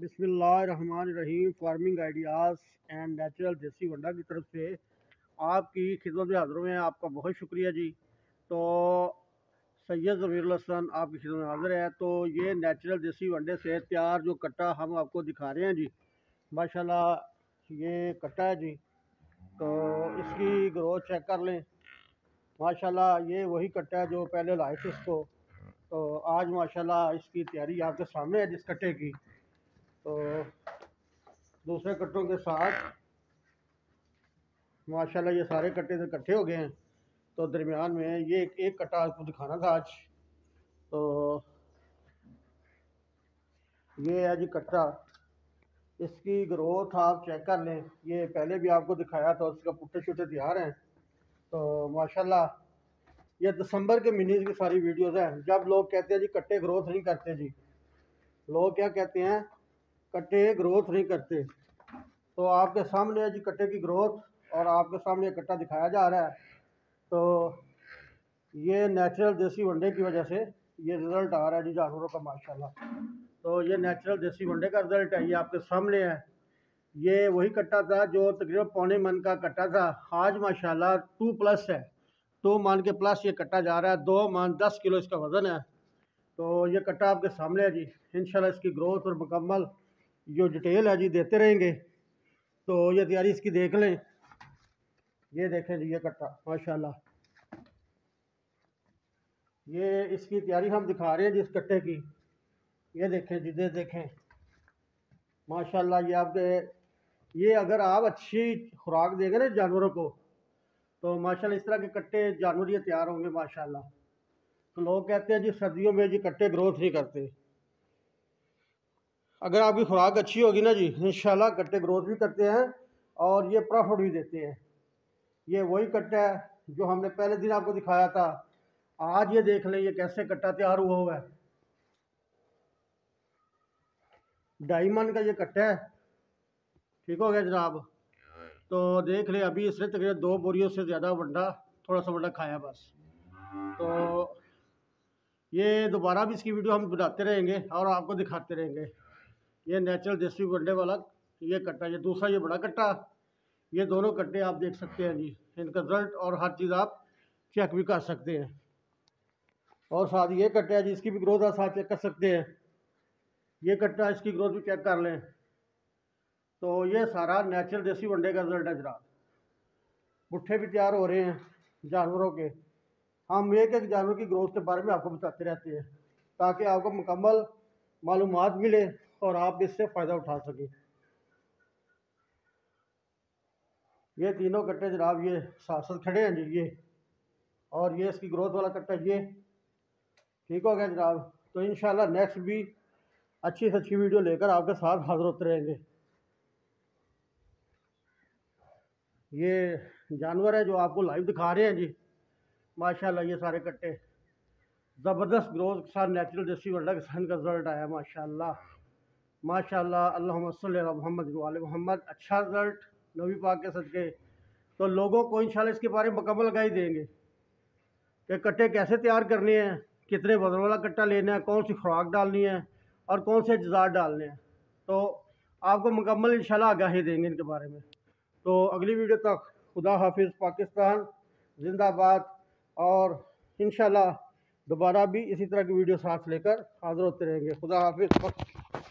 Rahim farming ideas and natural desi वंडा की तरफ से आपकी खिदमत हाजिर में आपका बहुत शुक्रिया जी तो सैयद ज़मीर हसन आपकी खिदमत हाजिर है तो ये नेचुरल देसी वंडे से तैयार जो कट्टा हम आपको दिखा रहे हैं जी माशाल्लाह ये कट्टा है जी तो इसकी ग्रोथ चेक कर लें माशाला ये वही कट्टा है जो पहले लाए थे इसको तो आज माशाला इसकी तैयारी आपके सामने है जिस कट्टे की तो दूसरे कट्टों के साथ माशाल्लाह ये सारे कट्टे तो इकट्ठे हो गए हैं तो दरमियान में ये एक, एक कट्टा आपको दिखाना था आज तो ये है जी कट्टा इसकी ग्रोथ आप चेक कर लें ये पहले भी आपको दिखाया था उसका पुट्टे छुट्टे तैयार हैं तो माशाल्लाह ये दिसंबर के महीने की सारी वीडियोस हैं जब लोग कहते हैं जी कट्टे ग्रोथ नहीं करते जी लोग क्या कहते हैं कट्टे ग्रोथ नहीं करते तो आपके सामने जी कट्टे की ग्रोथ और आपके सामने कट्टा दिखाया जा रहा है तो ये नेचुरल देसी वनडे की वजह से ये रिज़ल्ट आ रहा है जी जानवरों का माशाल्लाह तो ये नेचुरल देसी वनडे का रिज़ल्ट है ये आपके सामने है ये वही कट्टा था जो तकरीबन पौने मन का कट्टा था आज माशाल्लाह टू प्लस है टू मान के प्लस ये कट्टा जा रहा है दो मान दस किलो इसका वज़न है तो ये कट्टा आपके सामने है जी इनशाला इसकी ग्रोथ और मुकम्मल जो डिटेल है जी देते रहेंगे तो ये तैयारी इसकी देख लें ये देखें जी ये कट्टा माशाल्लाह ये इसकी तैयारी हम दिखा रहे हैं जी इस कट्टे की ये देखें जी ये देखें माशाल्लाह ये आपके ये अगर आप अच्छी खुराक देंगे ना जानवरों को तो माशाल्लाह इस तरह के कट्टे जानवर ये तैयार होंगे माशाल्लाह तो लोग कहते हैं जी सर्दियों में जी कट्टे ग्रोथ नहीं करते अगर आपकी खुराक अच्छी होगी ना जी इन कट्टे ग्रोथ भी करते हैं और ये प्रॉफिट भी देते हैं ये वही कट्टा है जो हमने पहले दिन आपको दिखाया था आज ये देख लें ये कैसे कट्टा तैयार हुआ हुआ है डायमंड का ये कट्टा है ठीक हो गया जनाब तो देख लें अभी इसने तकरीबन दो बोरियों से ज़्यादा वंडा थोड़ा सा वंडा खाया बस तो ये दोबारा भी इसकी वीडियो हम बनाते रहेंगे और आपको दिखाते रहेंगे ये नेचुरल देसी गंडे वाला तो ये कट्टा ये दूसरा ये बड़ा कट्टा ये दोनों कट्टे आप देख सकते हैं जी इनका रिजल्ट और हर चीज़ आप चेक भी कर सकते हैं और साथ ये कट्टा है जी इसकी भी ग्रोथ आप साथ चेक कर सकते हैं ये कट्टा इसकी ग्रोथ भी चेक कर लें तो ये सारा नेचुरल देसी वनडे का रिजल्ट है जरा बुट्ठे भी तैयार हो रहे हैं जानवरों के हम एक एक जानवर की ग्रोथ के बारे में आपको बताते रहते हैं ताकि आपको मुकम्मल मालूम मिले और आप इससे फ़ायदा उठा सकें ये तीनों कट्टे जनाब ये साथ खड़े हैं जी ये और ये इसकी ग्रोथ वाला कट्टा ये ठीक हो गया जनाब तो इन नेक्स्ट भी अच्छी से अच्छी वीडियो लेकर आपके साथ हाजिर होते रहेंगे ये जानवर है जो आपको लाइव दिखा रहे हैं जी माशाल्लाह ये सारे कट्टे ज़बरदस्त ग्रोथ के साथ नेचुरल डिस्ट्री वर्ल्ड का रिजल्ट आया माशाल्लाह माशा अल्लाह मोहम्मद मोहम्मद अच्छा रिजल्ट नबी पाक के सदक़े तो लोगों को इन इसके बारे में मुकम्मल गाई देंगे कि कट्टे कैसे तैयार करने हैं कितने वजन वाला कट्टा लेना है कौन सी खुराक डालनी है और कौन से जजार डालने हैं तो आपको मुकम्मल इन आगाही देंगे इनके बारे में तो अगली वीडियो तक खुदा हाफिज़ पाकिस्तान जिंदाबाद और इन दोबारा भी इसी तरह की वीडियो साथ लेकर हाजिर होते रहेंगे खुदा हाफिज़